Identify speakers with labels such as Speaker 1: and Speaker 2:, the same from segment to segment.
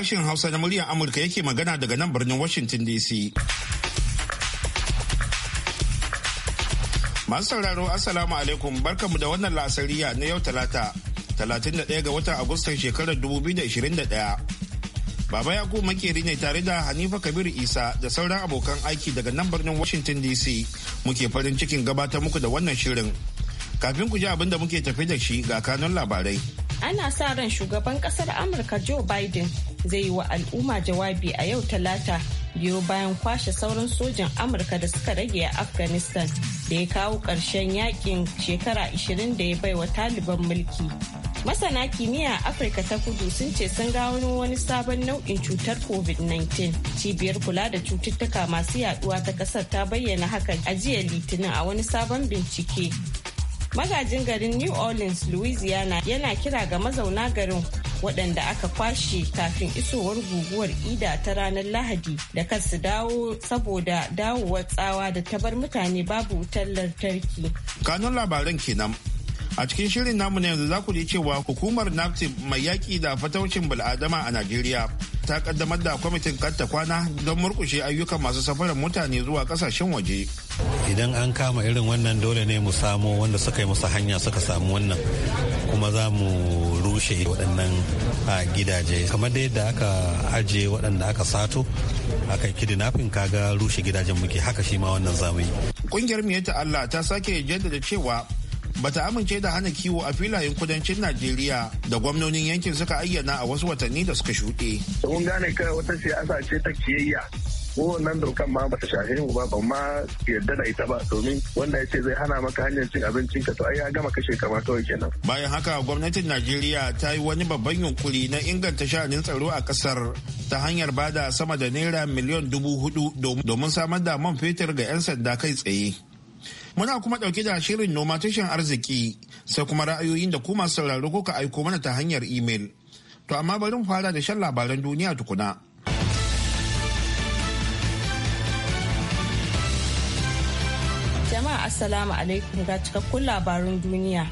Speaker 1: sashen Hausa na muryar Amurka yake magana daga nan birnin Washington DC. Masu sauraro Assalamu alaikum barkamu da wannan lasariya na yau talata 31 ga watan Agustan shekarar 2021. Baba Yaku makeri ne tare da Hanifa Kabir Isa da sauran abokan aiki daga nan birnin Washington DC muke farin cikin gabatar muku da wannan shirin. Kafin ku ji abin da muke tafi da shi ga kanun labarai.
Speaker 2: ana sa ran shugaban ƙasar amurka joe biden zai yi wa al'umma jawabi a yau talata biyo bayan kwashe sauran sojan amurka da suka rage a afghanistan da ya kawo ƙarshen yakin shekara 20 da ya bai wa taliban mulki masana kimiyya afirka ta kudu sun ce sun gawo wani sabon nau'in cutar covid-19 cibiyar kula da cututtuka masu yaduwa ta kasar ta bayyana hakan a jiya litinin a wani sabon bincike magajin garin new orleans louisiana yana kira ga mazauna garin waɗanda aka kwashe kafin isowar guguwar ida ta ranar lahadi da kansu dawo saboda dawowar tsawa da ta bar mutane babu wutar lantarki
Speaker 1: kanun labaran kenan a cikin shirin namu na yanzu za ku ji cewa hukumar naptip mai yaƙi da fataucin bil'adama a najeriya ta kaddamar da kwamitin katta kwana don murkushe ayyukan masu safarar mutane zuwa kasashen waje
Speaker 3: idan an kama irin wannan dole ne mu samo wanda suka yi musu hanya suka samu wannan kuma za mu rushe waɗannan gidaje kamar da yadda aka ajiye waɗanda aka sato aka kidnapping kaga rushe gidajen muke haka shi ma wannan zamu yi
Speaker 1: ƙungiyar miyata allah ta sake jaddada cewa bata amince da hana kiwo a filayen kudancin Najeriya da gwamnonin yankin suka ayyana a wasu watanni da suka shuɗe.
Speaker 4: Mun gane kai wata siyasa ce ta kiyayya. wannan dokan ma bata shafe mu ba ban ma yarda da ita ba domin wanda ya ce zai hana maka hanyar cin abincin ka to ai ya gama kashe kamar kawai kenan.
Speaker 1: Bayan haka gwamnatin Najeriya ta yi wani babban yunkuri na inganta sha'anin tsaro a kasar ta hanyar bada sama da naira miliyan dubu hudu domin samar da man fetur ga 'yan sanda kai tsaye. Muna kuma ɗauke da shirin noma tashin arziki sai kuma ra'ayoyin da ku masu sauraro kuka aiko mana ta hanyar imel. To amma bari mu fara da shan labaran duniya tukuna.
Speaker 2: Jama'a Assalamu alaikum ga cikakkun labarun duniya.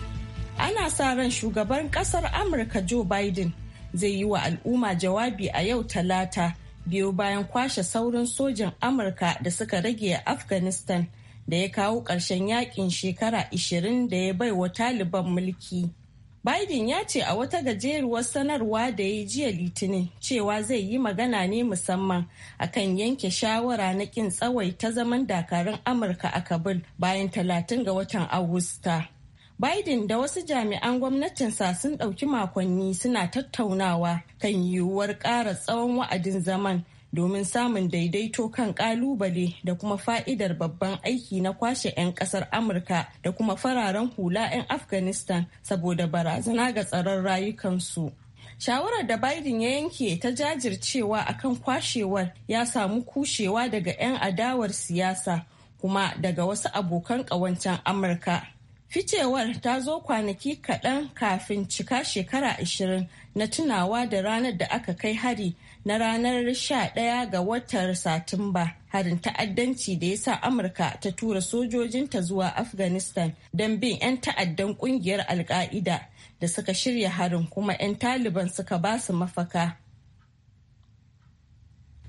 Speaker 2: Ana sa ran shugaban kasar Amurka Joe Biden zai yi wa al'umma jawabi a yau talata biyo bayan kwashe saurin sojin Amurka da suka rage a Afghanistan da ya kawo ƙarshen yakin shekara 20 da ya baiwa taliban mulki. Biden ya ce a wata gajeruwar sanarwa da ya jiya litinin cewa zai yi magana ne musamman akan yanke shawara na kin ta zaman dakarun Amurka a Kabul bayan 30 ga watan Agusta. Biden da wasu jami'an gwamnatinsa sun ɗauki makonni suna tattaunawa kan yiwuwar ƙara tsawon wa'adin zaman domin samun daidaito kan kalubale da kuma fa'idar babban aiki na kwashe 'yan kasar amurka da kuma fararen hula 'yan afghanistan saboda barazana ga tsaron rayukansu shawarar da biden ya yanke ta jajircewa akan kwashewar ya samu kushewa daga 'yan adawar siyasa kuma daga wasu abokan ƙawancen amurka ficewar ta zo kwanaki kaɗan kafin cika shekara 20 na tunawa da ranar da aka kai hari na ranar 11 ga watan Satumba. Harin ta'addanci da ya sa Amurka ta tura sojojinta zuwa Afghanistan don bin 'yan ta'addan kungiyar Alka'ida da suka shirya harin kuma 'yan Taliban suka ba su mafaka.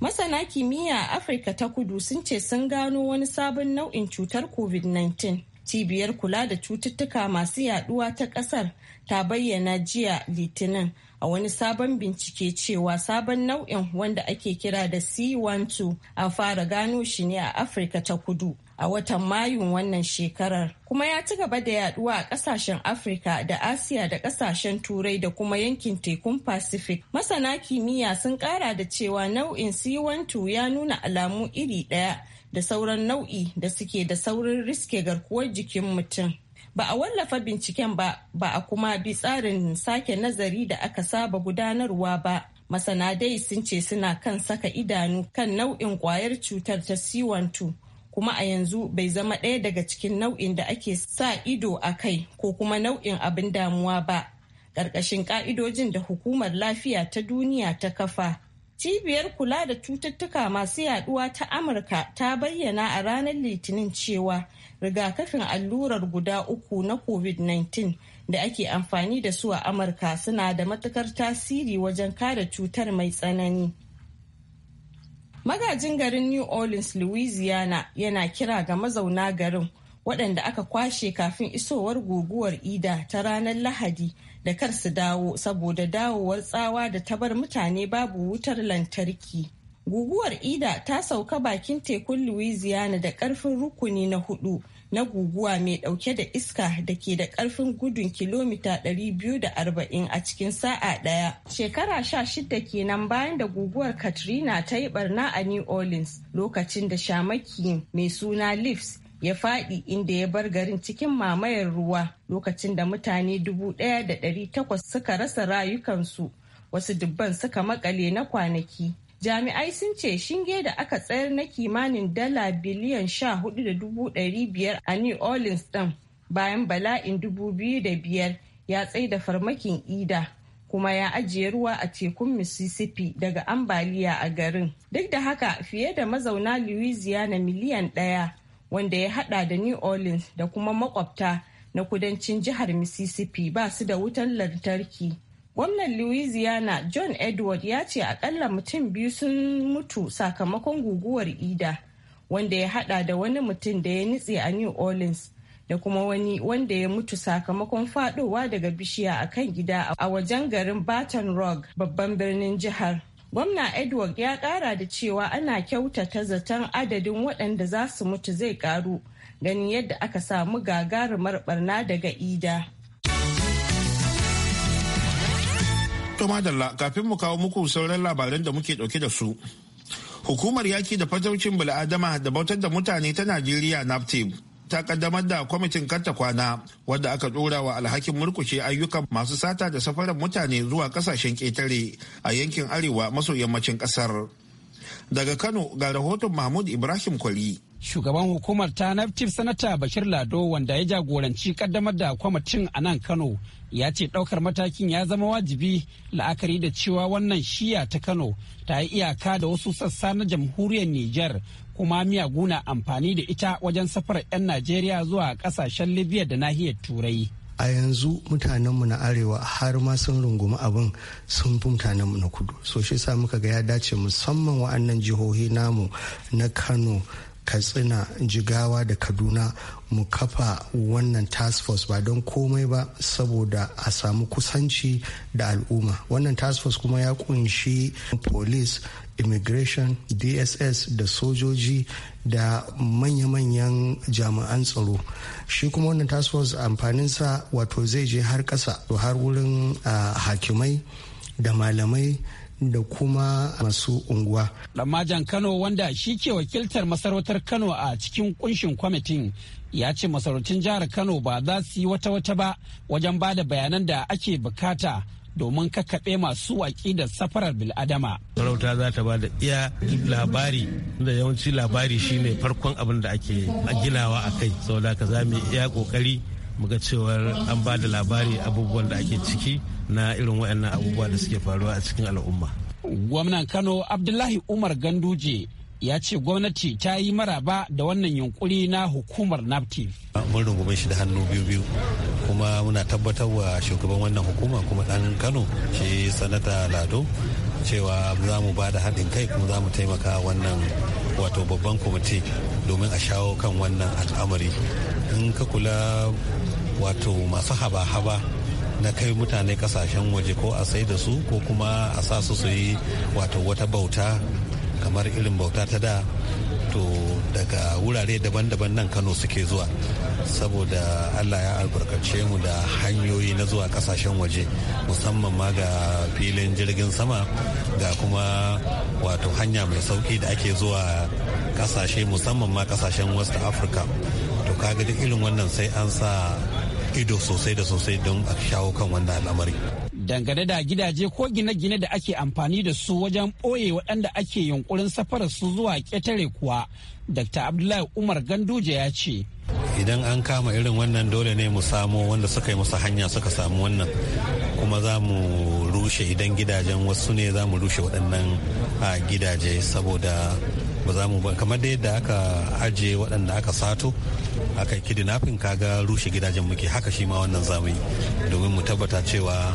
Speaker 2: Masana kimiyya a Afirka ta kudu sun ce sun gano wani sabon nau'in cutar COVID-19 cibiyar kula da cututtuka masu yaduwa ta kasar ta bayyana jiya litinin a wani sabon bincike cewa sabon nau'in wanda ake kira da c12 a fara gano shi ne a afirka ta kudu a watan mayun wannan shekarar kuma ya ci gaba da yaduwa a kasashen afirka da asiya da kasashen turai da kuma yankin tekun pacific masana kimiyya sun kara da cewa nau'in c12 ya nuna alamu iri daya da sauran nau'i da suke da saurin riske garkuwar jikin mutum. Ba a wallafa binciken ba, ba a kuma bi tsarin sake nazari da aka saba gudanarwa ba. Masana dai sun ce suna kan saka idanu kan nau'in kwayar cutar ta C12 kuma a yanzu bai zama ɗaya daga cikin nau'in da ake sa ido a kai ko kuma nau'in abin damuwa ba. Ƙarƙashin ƙa'idojin da hukumar lafiya ta duniya ta kafa Cibiyar kula da cututtuka masu yaduwa ta Amurka ta bayyana a ranar Litinin cewa rigakafin allurar guda uku na COVID-19 da ake amfani da su a Amurka suna da matukar tasiri wajen kare cutar mai tsanani. Magajin garin New Orleans, Louisiana yana kira ga mazauna garin waɗanda aka kwashe kafin isowar guguwar Ida ta ranar Lahadi da kar su dawo saboda dawowar tsawa da ta bar mutane babu wutar lantarki. Guguwar Ida ta sauka bakin tekun Louisiana da ƙarfin rukuni na hudu na guguwa mai ɗauke da iska da ke da ƙarfin gudun kilomita 240 a cikin sa'a ɗaya. Shekara sha 16 kenan bayan da guguwar Katrina ta yi barna a New Orleans lokacin da shamaki mai suna Leafs ya faɗi inda ya bar garin cikin mamayar ruwa lokacin da mutane 1,800 suka rasa rayukansu wasu dubban suka makale na kwanaki. Jami'ai sun ce shinge da aka tsayar na kimanin dala biliyan 14,500 a New Orleans ɗin bayan bala'in biyar, ya tsaida farmakin ida. kuma ya ajiye ruwa a tekun Mississippi daga ambaliya a garin. Duk da haka fiye da mazauna Louisiana miliyan ɗaya wanda ya hada da new orleans da kuma makwabta na kudancin jihar mississippi ba su da wutan lantarki gwamnan louisiana john edward ya ce akalla mutum biyu sun mutu sakamakon guguwar ida wanda ya hada da wani mutum da ya nutse a new orleans da kuma wani wanda ya mutu sakamakon fadowa daga bishiya a kan gida a wajen garin baton rouge babban birnin jihar Gwamna Edward ya kara da cewa ana kyautata zaton adadin waɗanda za su mutu zai karu ganin yadda aka samu gagarumar barna daga ida.
Speaker 1: To madalla kafin mu kawo muku sauran labaran da muke dauke da su. Hukumar yaki da fataucin bil'adama da bautar da mutane ta Najeriya NAPTIP ta kaddamar da kwamitin karta kwana wadda aka dora wa alhakin murkushe ayyukan masu sata da safarar mutane zuwa kasashen ketare a yankin arewa maso yammacin ƙasar. Daga Kano ga rahoton Mahmud Ibrahim
Speaker 5: Kwali. Shugaban hukumar ta Naftif Sanata Bashir Lado wanda ya jagoranci kaddamar da kwamitin a nan Kano ya ce ɗaukar matakin ya zama wajibi la'akari da cewa wannan shiya ta Kano ta yi iyaka da wasu sassa na jamhuriyar Nijar kuma miyagu na amfani da ita wajen safarar 'yan najeriya zuwa kasashen libya da nahiyar turai
Speaker 4: a yanzu mutanenmu na arewa har ma sun rungumi abin sun fi mutanenmu na kudu so shi sa muka ga ya dace musamman wa'annan jihohi namu na kano katsina jigawa da kaduna mu kafa wannan task force ba don komai ba saboda a samu kusanci da al'umma wannan task force kuma ya kunshi police immigration dss da sojoji da manya-manyan jami'an tsaro shi kuma wannan task force amfaninsa wato zai je har ƙasa har wurin ah, hakimai da malamai da kuma masu unguwa.
Speaker 5: majan Kano wanda shi ke wakiltar masarautar Kano a cikin kunshin kwamitin ya ce masarautun jihar Kano ba za su yi wata-wata ba wajen ba da bayanan da ake bukata domin kakkaɓe masu waƙi da
Speaker 3: safarar bil'adama. Sarauta za ta ba da iya labari da yawanci labari shine farkon abin da ake ginawa a kai da ka za mu iya ƙoƙari muga cewar an ba da labari abubuwan da ake ciki na irin waɗannan abubuwa da suke faruwa a cikin
Speaker 5: al'umma. Gwamnan Kano Abdullahi Umar Ganduje ya ce gwamnati ta yi maraba da wannan yunkuri na hukumar naptif
Speaker 3: mun rungume shi da hannu biyu biyu kuma muna tabbatar wa shugaban wannan hukuma kuma ɗan kano shi sanata lado cewa za mu ba da haɗin kai kuma za mu taimaka wannan wato babban kwamiti domin a shawo kan wannan al'amari in ka kula wato masu haba-haba na kai mutane kasashen waje ko a sai da su ko kuma a sa su su yi wato wata bauta kamar irin bauta ta da to daga wurare daban-daban nan kano suke zuwa saboda allah ya albarkace mu da hanyoyi na zuwa kasashen waje musamman ma ga filin jirgin sama ga kuma wato hanya mai sauki da ake zuwa kasashe musamman ma kasashen west africa to kaga duk irin wannan sai an sa ido sosai da sosai don a shawo kan wannan al'amari.
Speaker 5: Dangane da gidaje ko gine-gine da ake amfani da su wajen ɓoye waɗanda ake yunkurin safarar su zuwa ƙetare kuwa, Dr. Abdullahi Umar Ganduje ya ce.
Speaker 3: Idan an kama irin wannan dole ne mu samo wanda suka yi musu hanya suka samu wannan kuma za mu rushe idan gidajen wasu ne za mu rushe waɗannan gidaje saboda ba za mu ba kamar da yadda aka ajiye waɗanda aka sato aka kidnapping kaga rushe gidajen muke haka shi ma wannan zamu domin mu tabbata cewa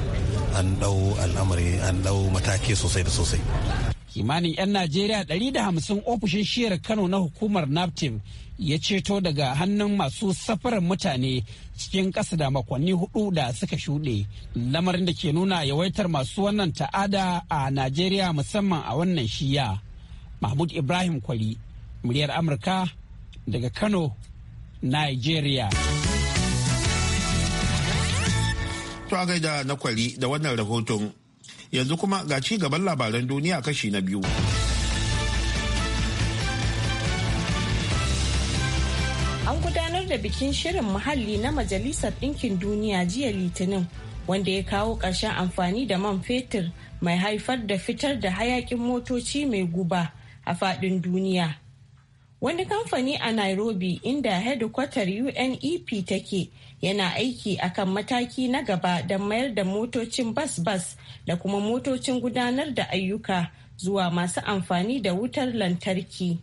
Speaker 3: an ɗau al'amari an ɗau mataki sosai da sosai
Speaker 5: kimanin 'yan najeriya 150 ofishin shiyar kano na hukumar naptim ya ceto daga hannun masu safarar mutane cikin ƙasa da makonni hudu da suka shuɗe lamarin da ke nuna yawaitar masu wannan ta'ada a najeriya musamman a wannan shiya mahmud ibrahim kwari muryar amurka daga kano nigeria
Speaker 1: to gaida na kwari da wannan rahoton yanzu kuma ga ci gaban labaran duniya kashi na biyu
Speaker 2: an gudanar da bikin shirin muhalli na majalisar ɗinkin duniya jiya litinin wanda ya kawo ƙarshen amfani da man fetur mai haifar da fitar da hayakin motoci mai guba a faɗin duniya. Wani kamfani a Nairobi inda hedikwatar UNEP take yana aiki akan mataki na gaba don mayar da motocin bas-bas da kuma motocin gudanar da ayyuka zuwa masu amfani da wutar lantarki.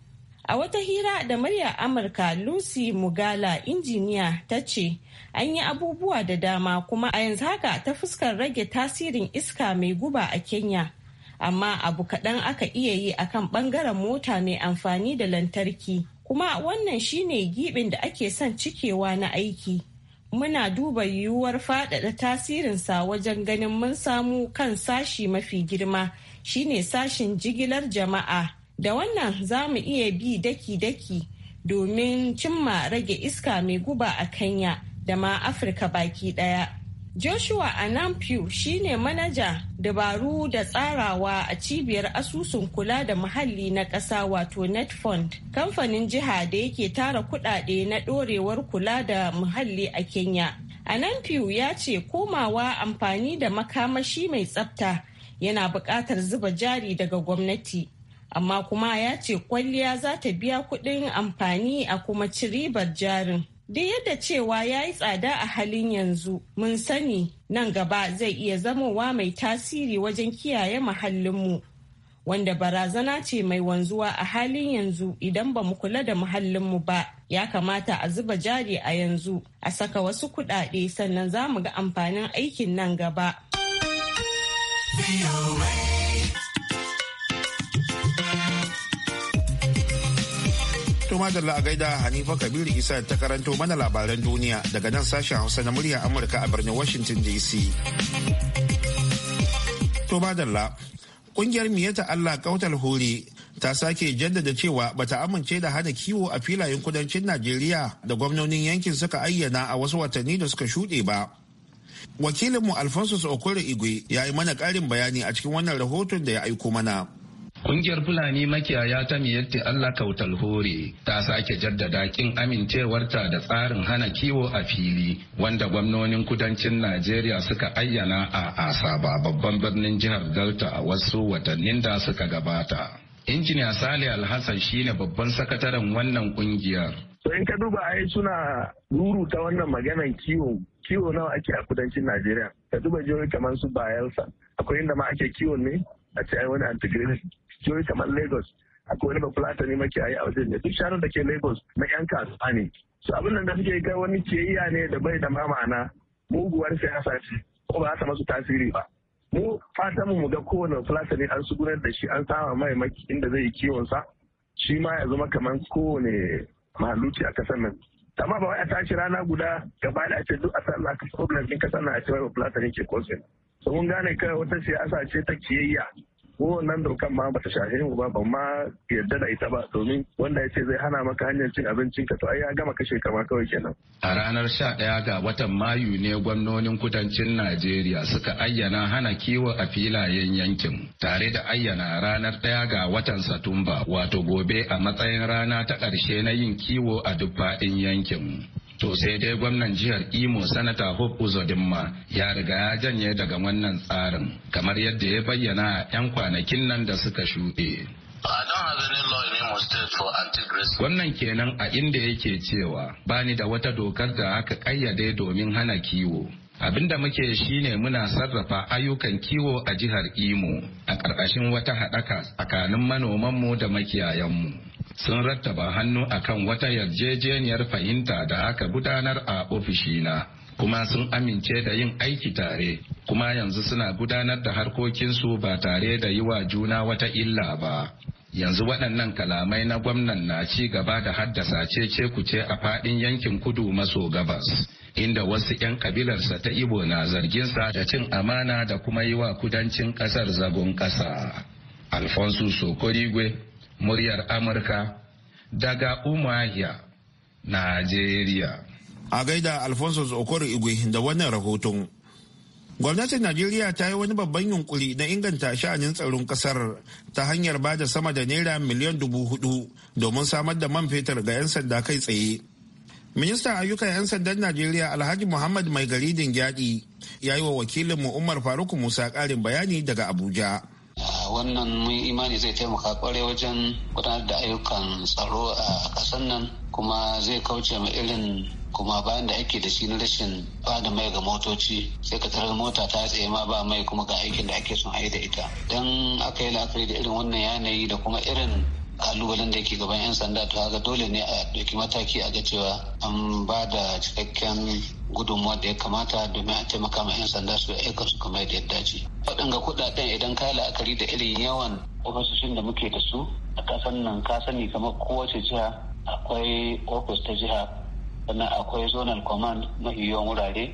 Speaker 2: A wata hira da murya Amurka Lucy Mugala injiniya ta ce an yi abubuwa da dama kuma a yanzu haka ta fuskar rage tasirin iska mai guba a Kenya amma abu kaɗan aka iya yi akan ɓangaren mota mai amfani da lantarki kuma wannan shine gibin da ake son cikewa na aiki muna duba yiwuwar faɗaɗa tasirinsa wajen ganin mun samu kan sashi mafi girma shine sashin jigilar jama'a da wannan za mu iya bi daki-daki domin cimma rage iska mai guba a kenya da ma afirka baki ɗaya. Joshua Anampiu ne manaja dabaru da tsarawa a cibiyar asusun kula da muhalli na ƙasa wato netfund kamfanin jiha da yake tara kuɗaɗe na ɗorewar kula da muhalli a Kenya. Anampiu ya ce komawa amfani da makamashi mai tsafta yana buƙatar zuba jari daga gwamnati. Amma kuma ya ce kwalliya za ta biya kuɗin amfani a kuma ci ribar jarin. Duk yadda cewa ya yi tsada a halin yanzu, mun sani nan gaba zai iya zamowa mai tasiri wajen kiyaye muhallinmu, wanda barazana ce mai wanzuwa a halin yanzu idan ba mu kula da muhallinmu ba. Ya kamata a zuba jari a yanzu, a saka wasu kuɗaɗe sannan za mu ga amfanin aikin nan gaba.
Speaker 1: To madalla a gaida Hanifa Kabiru Isa ta karanto mana labaran duniya daga nan sashen Hausa na murya Amurka a birnin Washington DC. To madalla, kungiyar miyata Allah ƙautar hori ta sake jaddada cewa bata amince da hana kiwo a filayen kudancin Najeriya da gwamnonin yankin suka ayyana a wasu watanni da suka shuɗe ba. Wakilinmu Alfonso Okoro Igwe ya yi mana ƙarin bayani a cikin wannan rahoton da ya aiko mana.
Speaker 6: Kungiyar Fulani makiyaya ta miyatti Allah Kautal Hore ta sake jaddada kin amincewarta da tsarin hana kiwo a fili wanda gwamnonin kudancin Najeriya suka ayyana a Asaba babban birnin jihar Delta a wasu watannin da suka gabata. Injiniya Sale Alhassan shine babban sakataren wannan
Speaker 4: kungiyar. To in ka duba ai suna ta wannan maganan kiwo kiwo nawa ake a kudancin Najeriya. Ka duba jihohi kamar su Bayelsa akwai inda ma ake kiwon ne a ce ai wani antigrist jihohi kamar Lagos akwai wani bafulata ne a wajen da duk shanun da ke Lagos na 'yan kasuwa ne. abin da suke kai wani ciyayya ne da bai da ma ma'ana muguwar siyasa ce ko ba ta masu tasiri ba. Mu fatan mu ga kowane fulata ne an sugunar da shi an sama mai maki inda zai yi kiwon sa shi ma ya zama kamar kowane mahaluci a kasar nan. amma ba wai a tashi rana guda gaba da ce duk a san na problem din kasar na a cewa fulata ne ke kosin. So gane kai wata siyasa ce ta kiyayya ko wannan dokan ma bata shahe mu ba ban ma yadda da ita ba domin wanda ya ce zai hana maka hanyar cin abincin ka to ai ya gama kashe kama kawai kenan.
Speaker 6: A ranar 11 ga watan Mayu ne gwamnonin kudancin Najeriya suka ayyana hana kiwo a filayen yankin tare da ayyana ranar 1 ga watan Satumba wato gobe a matsayin rana ta karshe na yin kiwo a duk faɗin yankin. To sai dai gwamnan jihar Imo Sanata Hope Uzodinma ya riga ya janye daga wannan tsarin kamar yadda ya bayyana a 'yan kwanakin nan da suka shuɗe. Gwamnan kenan a inda yake cewa bani da wata dokar da aka ƙayyade domin hana kiwo. abinda muke shi ne muna sarrafa ayyukan kiwo a jihar imo a ƙarƙashin wata haɗaka tsakanin manomanmu da makiyayanmu sun rattaba hannu akan wata yarjejeniyar fahimta da aka gudanar a ofishina kuma sun amince da yin aiki tare kuma yanzu suna gudanar da harkokinsu ba tare da yi wa juna wata illa ba yanzu waɗannan kalamai na gwamnan na ci gaba da haddasa cece kuce a faɗin yankin kudu maso gabas inda wasu 'yan kabilarsa ta ibo na zarginsa da cin amana da kuma yi wa kudancin ƙasar zagon ƙasa alfonso sokorigwe muryar Amurka daga
Speaker 1: Umuahia, Najeriya. A gaida Alfonso Okoro Igwe da wannan rahoton. Gwamnatin Najeriya ta yi wani babban yunkuri na inganta sha'anin tsaron kasar ta hanyar ba da sama da naira miliyan dubu hudu domin samar da man fetur ga 'yan sanda kai tsaye. Ministan ayyukan 'yan sandan Najeriya Alhaji Muhammad Mai Garidin Gyadi ya yi wa wakilinmu Umar Faruk Musa ƙarin bayani daga Abuja.
Speaker 7: wannan mun imani zai taimaka kwarai wajen gudanar da ayyukan tsaro a kasar nan kuma zai kauce ma irin kuma bayan da ake da shi na rashin ba da mai ga motoci sai ka tarar mota ta tsaye ma ba mai kuma ga aikin da ake son a yi da ita don aka yi la'akari da irin wannan yanayi da kuma irin kalubalen da ke gaban 'yan sanda to haka dole ne a ɗauki mataki a ga cewa an ba da cikakken gudunmuwa da ya kamata domin a taimaka ma 'yan sanda su aika su kamar yadda ya dace. Waɗanga kuɗaɗen idan ka la'akari da irin yawan ofisoshin da muke da su a ƙasan nan ka sani kamar kowace jiha akwai ofis ta jiha sannan akwai zonal command mafi yawan wurare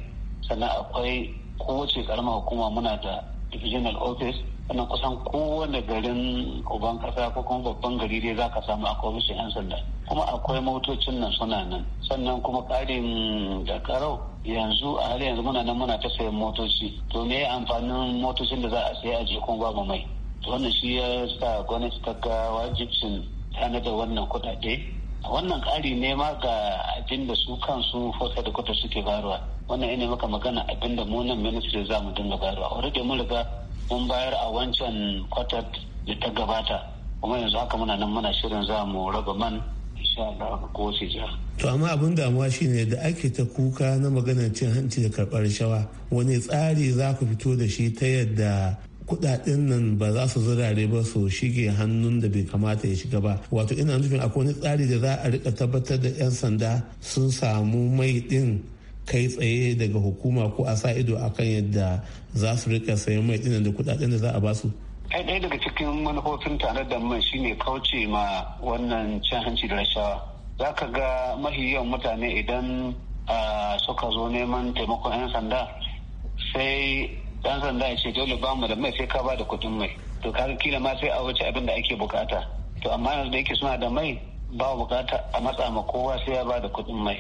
Speaker 7: sannan akwai kowace ƙaramar hukuma muna da regional office na kusan kowane garin uban kasa ko kuma babban gari dai za ka samu akwai wasu 'yan sanda kuma akwai motocin nan suna nan sannan kuma ƙarin da karau yanzu a halin yanzu muna nan muna ta sayan motoci to me amfanin motocin da za a sayi a jikin babu mai to wannan shi ya sa gwamnati ta ga wajibcin tana da wannan kuɗaɗe wannan kari ne ma ga abin da su kansu fosa da kuta suke baruwa wannan ne maka magana abin da mu nan ministry za mu dinga baruwa already mun riga mun bayar a wancan kwatar da ta gabata kuma yanzu haka muna nan muna shirin za mu raba man insha Allah ga kowace
Speaker 3: To amma abin damuwa shine da ake ta kuka na maganar cin hanci da karbar shawa wani tsari za ku fito da shi ta yadda kudaden nan ba za su zurare ba su shige hannun da bai kamata ya shiga ba wato ina nufin akwai wani tsari da za a rika tabbatar da 'yan sanda sun samu mai din kai tsaye daga hukuma ko a sa ido a kan yadda za su rika sayan mai dinan da kudaden da za a basu
Speaker 7: kai ɗaya daga cikin manufofin tare da mai shine kauce ma wannan cin hanci da rashawa za ka ga mafi yawan mutane idan suka zo neman taimakon 'yan sanda sai ɗan sanda ya ce dole ba mu da mai sai ka ba da kuɗin mai to ka kila ma sai a wuce abin da ake bukata to amma yanzu da yake suna da mai ba bukata a matsa ma kowa sai ya ba da kuɗin mai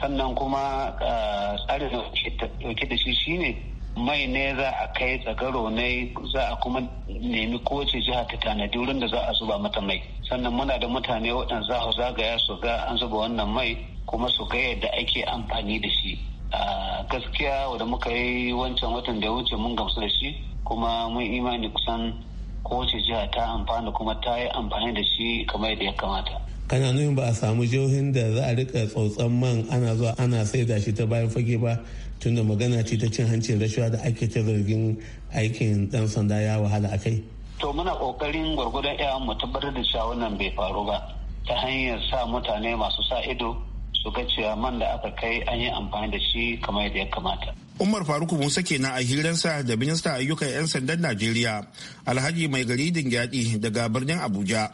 Speaker 7: sannan kuma ah, tsarin da dauke da shi shine mai ne za a kai tsagaro ne za a kuma nemi kowace jiha ta tanadi wurin da za a zuba mata mai sannan muna da mutane waɗanda za su zagaya su ga an zuba wannan mai kuma su ga yadda ake amfani da shi a ah, gaskiya wanda muka yi wancan watan da ya wuce mun gamsu da shi kuma mun imani kusan kowace jiha ta amfana kuma ta yi amfani da shi kamar yadda ya kamata
Speaker 3: kana ba a samu jihohin da za a rika tsautsan man ana zuwa ana saida shi ta bayan fage ba tunda magana ce ta cin hancin rashawa da ake ta zargin aikin dan sanda ya wahala a kai
Speaker 7: to muna kokarin gwargwadon yawan mu tabbatar da cewa wannan bai faru ba ta hanyar sa mutane masu sa ido su ce a man da aka kai an yi amfani da shi kamar yadda ya kamata.
Speaker 1: Umar Faruku Musa kenan a hirarsa da minista ayyukan 'yan sandan Najeriya Alhaji Mai Gari Dingyadi daga birnin Abuja.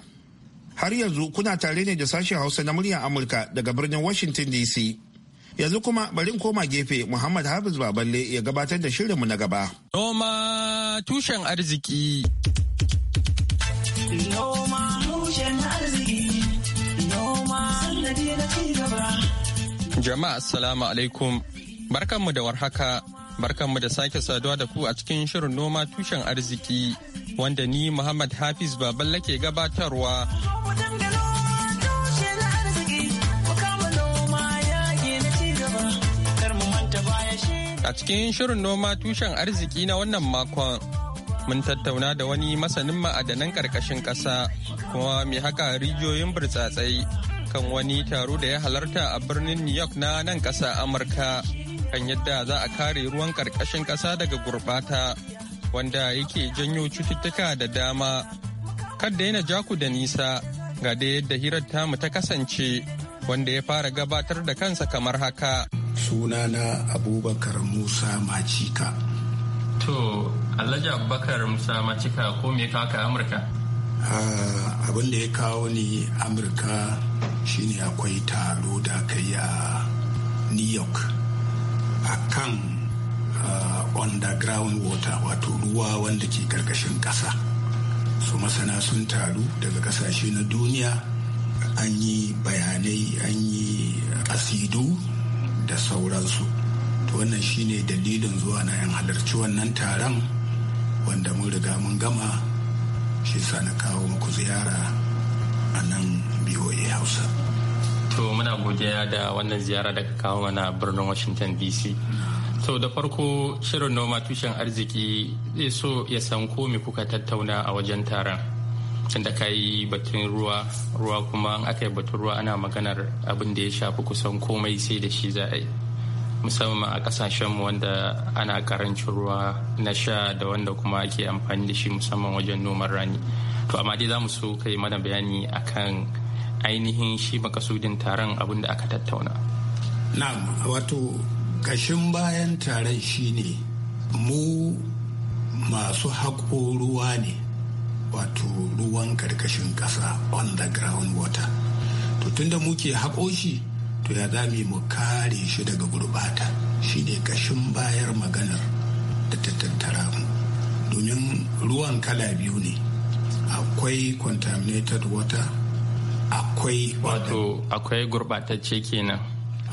Speaker 1: Har yanzu kuna tare ne da sashen Hausa na muryar Amurka daga birnin Washington DC. Yanzu kuma bari koma gefe Muhammad Hafiz Baballe ya gabatar da shirinmu na gaba.
Speaker 8: Noma tushen arziki.
Speaker 5: Noma tushen arziki.
Speaker 8: Jama'a Assalamu alaikum. Barkanmu da warhaka. Barkanmu da sake saduwa da ku a cikin shirin noma tushen arziki wanda ni Muhammad Hafiz Baballe ke gabatarwa. A cikin shirin noma tushen arziki na wannan makon mun tattauna da wani masanin ma'adanan ƙarƙashin ƙasa kuma mai haka rijiyoyin burtsatsai kan wani taro da ya halarta a birnin New York na nan ƙasa Amurka kan yadda za a kare ruwan ƙarƙashin ƙasa daga gurɓata wanda yake janyo cututtuka da dama. Kadda yana jaku da nisa ga da yadda hirar tamu ta kasance wanda ya fara gabatar da kansa kamar haka.
Speaker 4: Sunana Abubakar Musa Macika.
Speaker 8: To, Alhaji Abubakar Musa Macika ko me ka
Speaker 9: Amurka?
Speaker 4: Ah, abin da ya kawo ni amurka shine akwai taro da aka yi a new york a kan ah, underground water wato ruwa wanda ke karkashin ƙasa su masana sun taru daga ƙasashe na duniya an yi bayanai an yi asidu da sauransu to wannan shine dalilin zuwa na yan halarci wannan taron wanda mun riga mun gama shi sa na kawo muku ziyara a nan BOA Hausa.
Speaker 9: To muna godiya da wannan ziyara daga kawo mana birnin Washington DC. To da farko shirin noma tushen arziki zai so ya san ko kuka tattauna a wajen taron. Tunda ka yi batun ruwa, ruwa kuma an aka yi batun ruwa ana maganar abin da ya shafi kusan komai sai da shi za a yi. musamman a kasashenmu wanda ana karancin ruwa na sha da wanda kuma ake amfani da shi musamman wajen noman rani to amma dai za mu so kai mana bayani akan ainihin shi makasudin taron abin da aka tattauna
Speaker 4: na'am wato kashin bayan taron shi ne mu masu haƙo ruwa ne wato ruwan karkashin ƙasa on the ground water to tunda muke haƙo shi to ya za mu kare shi daga gurbata shi ne kashin bayar maganar da ta tattara mu domin ruwan kala biyu ne akwai contaminated water
Speaker 9: akwai wato akwai gurbatacce kenan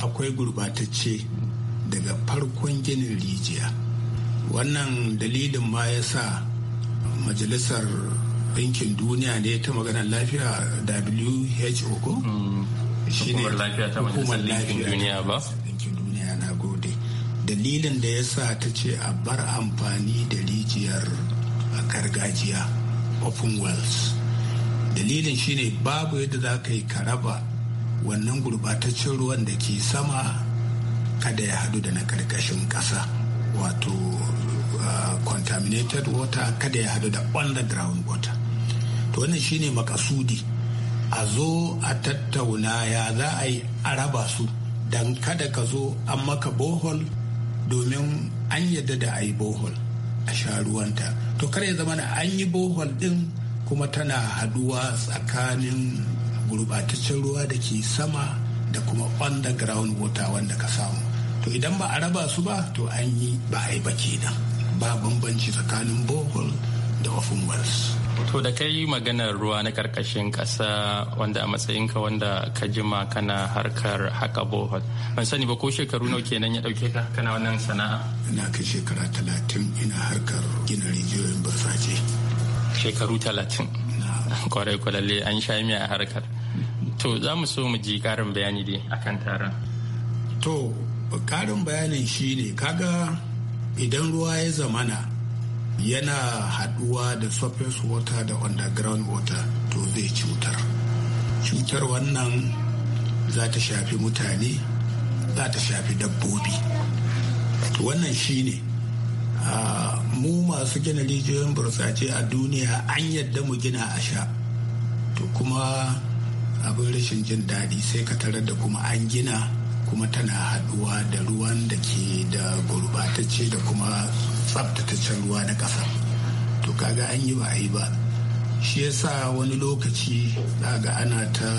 Speaker 9: akwai gurbatacce daga
Speaker 4: farkon ginin rijiya wannan dalilin ma ya sa majalisar ɗinkin duniya ne ta maganar lafiya who hukumar lafiya ta majalisar ɗinkin duniya ba na gode dalilin da ya sa ta ce a bar amfani da rijiyar gargajiya open wells dalilin shine babu yadda za ka yi karaba wannan gurbataccen ruwan da ke sama kada ya hadu da na karkashin ƙasa wato contaminated water kada ya hadu da on ground water to wannan shine makasudi a zo a tattauna ya za a yi a raba su don kada ka zo an maka bohol domin an yadda da a yi bohol a sha ruwanta to kar ya zama an yi bohol din kuma tana haduwa tsakanin gurbataccen ruwa da ke sama da kuma underground water wanda ka samu to idan ba a raba su ba to an yi ba a yi ba kenan ba bambanci tsakanin bohol da ofin wells
Speaker 9: To da kai maganar ruwa na karkashin ƙasa wanda a matsayinka wanda ka jima kana harkar haka bohol. Ban sani ba ko shekaru nawa kenan ya ɗauke ka kana wannan sana'a? Ina kai shekara talatin ina harkar gina rijiyoyin barfaje. Shekaru talatin. Kwarai kwalalle an sha miya a harkar. To za mu so mu ji ƙarin bayani dai akan taron.
Speaker 4: To ƙarin bayanin shi ne kaga idan ruwa ya zamana yana haduwa da surface water da underground water to zai cutar cutar wannan za ta shafi mutane za ta shafi dabbobi wannan shi shine ah, mu masu gina rijiyoyin burtsace a duniya an yadda mu gina a sha to kuma abin rashin jin daɗi sai ka tarar da kuma an gina kuma tana haɗuwa da ruwan da ke da gurbatacce da kuma tsabtataccen ruwa na ƙasa to kaga an yi ba a yi ba shi yasa wani lokaci ga ana ta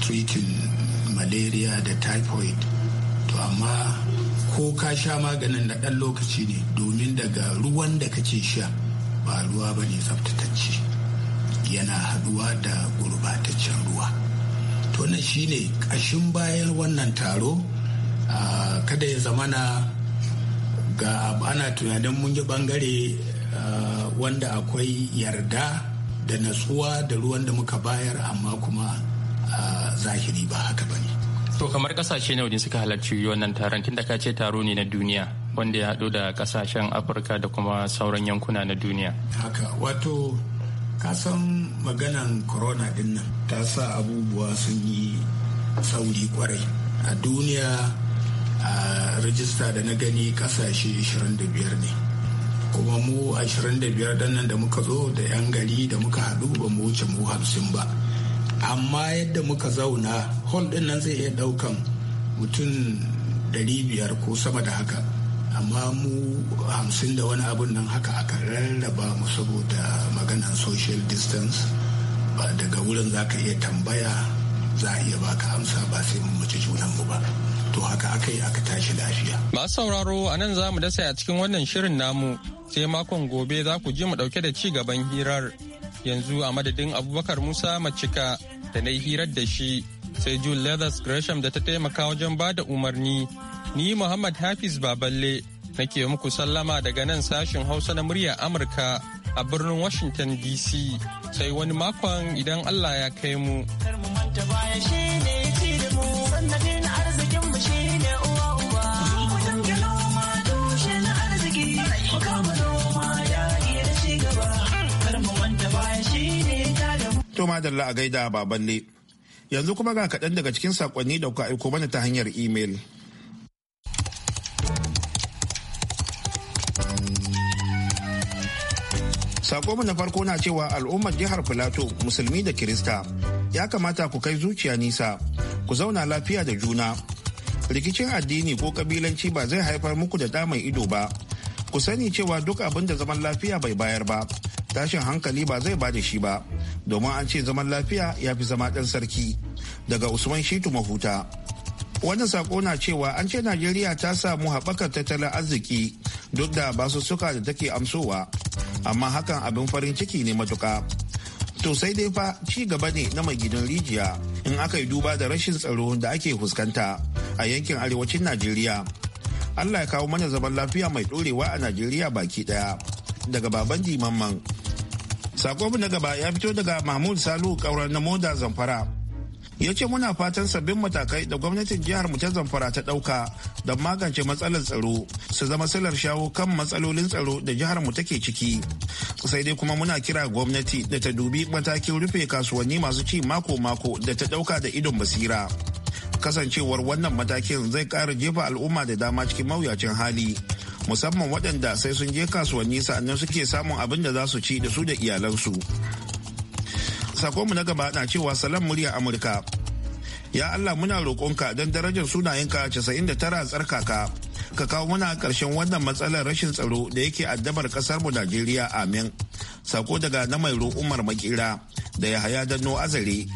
Speaker 4: treating malaria da typhoid to amma ko ka sha maganin na ɗan lokaci ne domin daga ruwan da kake sha ba ruwa ba ne tsabtatacce yana haɗuwa da gurbataccen ruwa to na shine ƙashin bayan wannan taro kada ya zamana ga ana tunanin mun yi bangare uh, wanda akwai yarda da natsuwa da ruwan da muka bayar amma kuma uh, zahiri ba haka bane
Speaker 9: to kamar kasashe na ne suka halarci wannan taron tun da ka ce taro ne na duniya wanda ya haɗu da kasashen afirka da kuma sauran yankuna na duniya
Speaker 4: haka wato kasan maganan corona din nan ta sa abubuwa sun yi sauri kwarai a duniya a rajista da na gani kasashe 25 ne kuma mu 25 ɗan nan da muka zo da 'yan gari da muka haɗu ba mu wuce mu hamsin ba amma yadda muka zauna hall ɗin nan zai iya ɗaukan mutum 500 ko sama da haka amma mu hamsin da wani abun nan haka aka rarraba mu saboda maganan social distance ba daga wurin za ka iya tambaya za a iya baka amsa ba sai mu mace junanmu ba to haka aka yi aka tashi lafiya.
Speaker 8: Masu sauraro a nan za mu dasa a cikin wannan shirin namu sai makon gobe za ku ji mu ɗauke da ci gaban hirar. Yanzu a madadin Abubakar Musa Macika da na hirar da shi sai June Leathers Gresham da ta taimaka wajen ba da umarni. Ni Muhammad Hafiz Baballe nake muku sallama daga nan sashin Hausa na muryar Amurka a birnin Washington DC sai wani makon idan Allah ya kai mu. Kar
Speaker 5: mu manta baya shi ne
Speaker 1: To madalla a gaida baballe. Yanzu kuma ga kaɗan daga cikin saƙonni da kuka aiko mana ta hanyar imel. Sakonmu na farko na cewa al'ummar jihar Filato musulmi da Kirista ya kamata ku kai zuciya nisa, ku zauna lafiya da juna. Rikicin addini ko kabilanci ba zai haifar muku da damar ido ba. Ku sani cewa duk abin da zaman lafiya bai bayar ba, tashin hankali ba zai bada shi ba domin an ce zaman lafiya ya fi zama ɗan sarki daga usman shitu mahuta wani sako na cewa an ce najeriya ta samu haɓakar tattalin arziki duk da basussuka da take amsowa amma hakan abin farin ciki ne matuka to sai dai fa ci gaba ne na mai gidan rijiya in aka yi duba da rashin tsaro da ake fuskanta a yankin arewacin najeriya allah ya kawo mana zaman lafiya mai ɗorewa a najeriya baki ɗaya daga baban mamman Sako na gaba ya fito daga Mahmud Salu kauran na Moda Zamfara. Ya ce muna fatan sabbin matakai da gwamnatin jihar mu ta Zamfara ta dauka don magance matsalar tsaro su zama silar shawo kan matsalolin tsaro da jihar mu take ciki. Sai dai kuma muna kira gwamnati da ta dubi matakin rufe kasuwanni masu ci mako-mako da ta dauka da idon basira. Kasancewar wannan matakin zai kara jefa al'umma da dama cikin mawuyacin hali. musamman waɗanda sai sun je kasuwanni sa'annan suke samun abin da za su ci da su da iyalansu sakonmu na gaba na cewa salam murya amurka ya allah muna roƙonka don darajar sunayenka 99 tsarkaka ka kawo muna ƙarshen wannan matsalar rashin tsaro da yake addabar ƙasar mu najeriya amin sako daga na mai umar makira da ya haya danno azare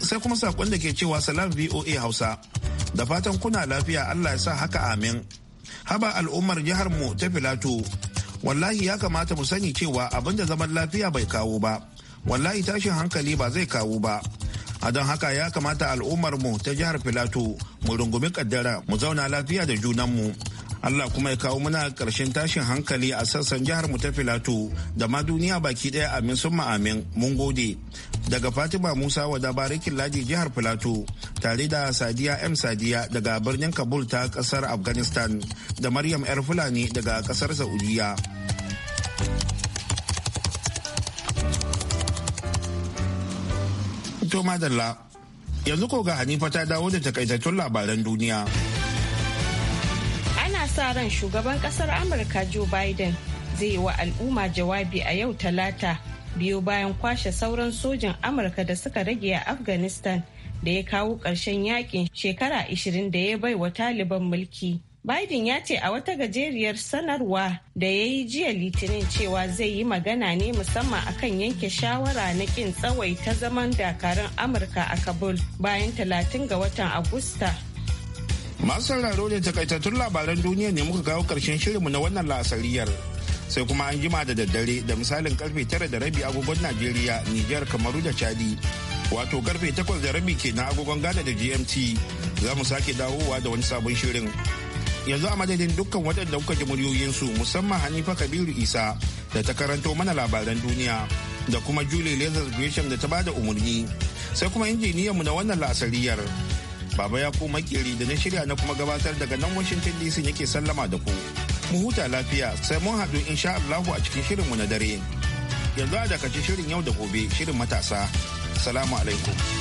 Speaker 1: sai kuma sakon da ke cewa salam voa hausa da fatan kuna lafiya allah ya sa haka amin haba al'ummar jihar mu ta filato wallahi ya kamata mu sani cewa abin da zaman lafiya bai kawo ba wallahi tashin hankali ba zai kawo ba a don haka ya kamata al'ummar mu ta jihar filato mu rungumi kaddara mu zauna lafiya da junanmu Allah kuma ya kawo muna ƙarshen tashin hankali a sassan jihar mu ta Filato da ma duniya baki ɗaya amin sun amin mun gode. Daga Fatima Musa wa dabarikin laji jihar Filato tare da Sadiya M Sadiya daga birnin Kabul ta ƙasar Afghanistan da Maryam 'yar Fulani daga ƙasar Saudiya. madalla, yanzu ko ga Hanifa ta dawo da takaitattun labaran duniya.
Speaker 2: sa ran shugaban kasar Amurka Joe Biden zai yi wa al'umma jawabi a yau talata biyu bayan kwashe sauran Sojin Amurka da suka rage a Afghanistan da ya kawo ƙarshen yakin shekara 20 da ya bai wa Taliban mulki. Biden ya ce a wata gajeriyar sanarwa da ya yi jiya litinin cewa zai yi magana ne musamman akan yanke shawara na kin tsawaita zaman dakarun Amurka a Kabul bayan 30 ga watan Agusta
Speaker 1: Masu sauraro da takaitattun labaran duniya ne muka kawo karshen shirinmu na wannan la'asariyar. Sai kuma an jima da daddare da misalin karfe tara da rabi agogon Najeriya, Nijar, Kamaru da Chadi. Wato karfe takwas da rabi ke na agogon Ghana da GMT. Za mu sake dawowa da wani sabon shirin. Yanzu a madadin dukkan waɗanda kuka ji muryoyinsu musamman Hanifa Kabiru Isa da ta karanto mana labaran duniya da kuma Julie Lazarus Gresham da ta bada umarni. Sai kuma injiniyanmu na wannan la'asariyar. Baba ya koma makeri da na shirya na kuma gabatar daga nan Washington DC yake sallama da ku. Mu huta lafiya sai mun haɗu insha Allahu a cikin shirin mu na dare. Yanzu a dakaci shirin yau da gobe shirin matasa. Salamu alaikum.